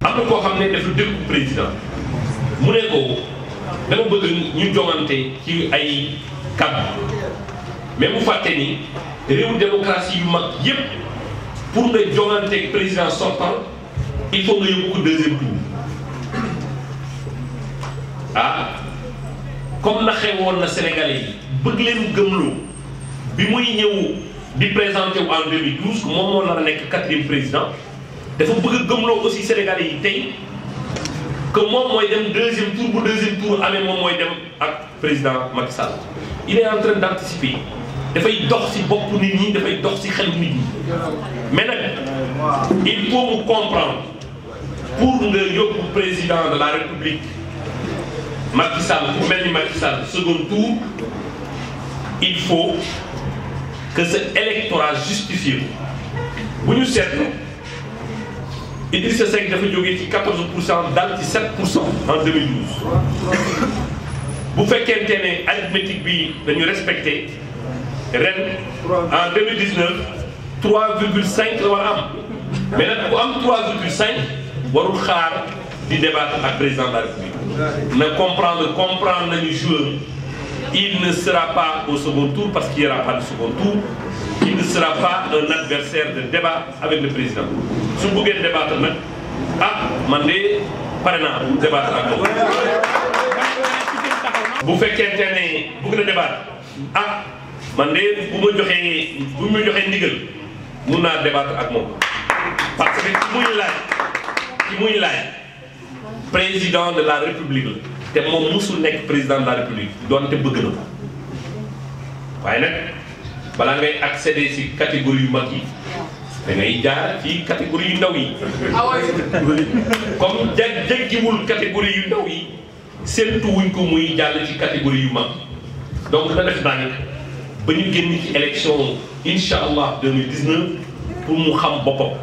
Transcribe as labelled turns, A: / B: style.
A: am na koo xam ne dafa dégg président mu ne ko dama bëgg ñu joŋante ci ay kàddu mais mu fàtte ni réewu démocratie yu mag yépp pour nga joŋanteeg président sortant il faut nga yóbbu ko deuxième tour ah comme na xewoon na Sénégalais yi bëgg leen gëmloo. bi muy ñëw di présenté wu en 2012 moom moo nar a nekk quatrième président dafa bëgg a gëmloo aussi sénégalais yi tey que moom mooy dem deuxième tour bu deuxième tour amee moom mooy dem ak président Macky Sall il est en train d' anticiper dafay dox ci bopp nit ñi dafay dox ci xel nit ñi mais nag il faut mu comprendre pour nga yóbbu président de la république Macky Sall ku mel ni Macky Sall second tour il faut que ce électorat justifie. Vous nous savez, il Idrissa que dafa jógee ci 14 danti 7 en 2012 Vous faites qu'un thème arithmétique bi dañu respecté ren en 2019 3,5 mais là, vous am 3,5 warul xaar di débat ak président de la République Mais comprendre comprendre les joueur il ne sera pas au second tour parce qu'il n'y aura pas de second tour. Il ne sera pas un adversaire de débat avec le président. Si vous voulez débattre vous ah de vous. débattre ak Vous débattre ah Mandé, de bu débattre avec moi. parce que qui muy président de la république c'est mon musul président de la république doonte bëgg na ko waaye nag balaa ngay accéder ci catégorie yu mag yi da ngay jaar ci catégorie yu ndaw yi ah comme jag jéggiwul catégorie yu ndaw yi séentu wuñ ko muy jàll ci catégorie yu donc je def dis, ba ñu génn élection 2019 pour Mouham Bopop.